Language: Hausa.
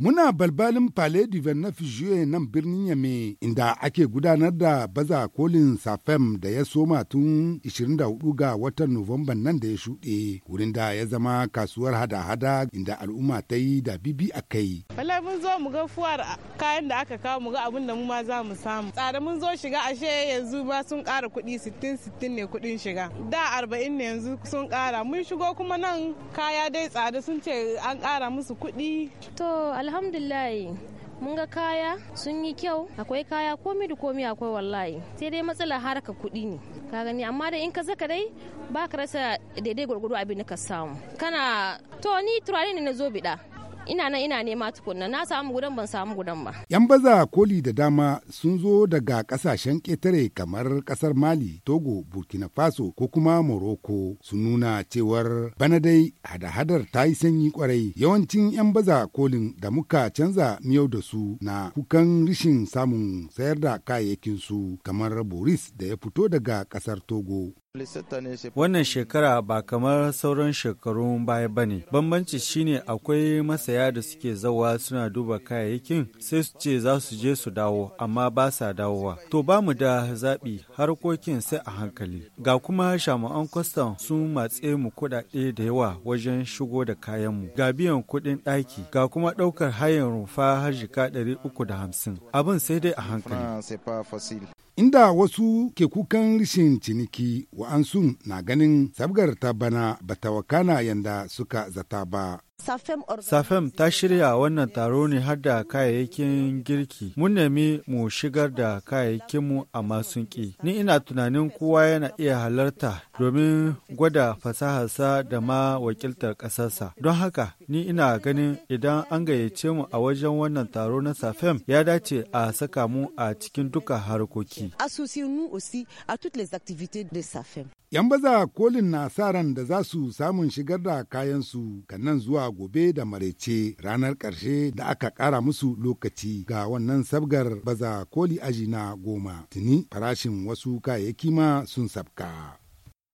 Muna balbalin Palais du Vernet nan birnin Yame inda ake gudanar da baza kolin Safem da ya soma tun 24 ga watan Nuwamban nan da ya shuɗe, wurin da ya zama kasuwar hada-hada inda al'umma ta yi da bibi a kai. Wallahi mun zo mu ga fuwar kayan da aka kawo mu ga abin da mu ma za mu samu. Tsada mun zo shiga ashe yanzu ma sun ƙara kuɗi 60-60 ne kuɗin shiga. Da 40 ne yanzu sun ƙara. Mun shigo kuma nan kaya dai tsada sun ce an kara musu kuɗi. alhamdulillah mun ga kaya sun yi kyau akwai kaya komi da komi akwai wallahi sai dai matsala haraka kuɗi ne ka gani amma da in ka zaka dai ba ka rasa daidai gwargwado abin da ka samu kana to ni turare ne na zo biɗa ina nan ina nema tukunna na samu gudan ban samu gudan ba yan baza koli da dama sun zo daga kasashen ƙetare kamar kasar mali togo burkina faso ko kuma morocco su nuna cewar bana dai hada-hadar ta yi sanyi kwarai yawancin yan baza kolin da muka canza miyau da su na kukan rishin samun sayar da kayayyakin su kamar boris da ya fito daga kasar togo Wannan shekara ba kamar sauran shekarun baya ba ne. Bambanci shine akwai masaya da suke zawa suna duba kayayyakin sai su ce za su je su dawo amma ba sa dawowa. To ba mu da zaɓi harkokin sai a hankali. Ga kuma shama'an kwastam sun matse mu kuɗaɗe da yawa wajen shigo da kayanmu. Ga biyan kuɗin ɗaki ga kuma ɗaukar hayan rumfa har jika ɗari uku da hamsin. Abin sai dai a hankali. Inda wasu ke kukan rishin ciniki wa'ansu na ganin sabgar ta bana bata wakana yanda suka zata ba. Safem ta shirya wannan taro ne har da kayayyakin girki. Mun nemi mu shigar da kayayyakinmu a sun Ni ina tunanin kowa yana iya halarta domin gwada fasaharsa da ma wakiltar ƙasarsa. Don haka, ni ina ganin idan an gayyace mu a wajen wannan taro na Safem ya dace a saka mu a cikin duka harkoki. Yan baza kolin na sa ran da za su samun shigar da kayansu kan nan zuwa a gobe da maraice ranar ƙarshe da aka ƙara musu lokaci ga wannan sabgar baza koli aji na goma. Tuni farashin wasu kayayyaki ma sun sabka.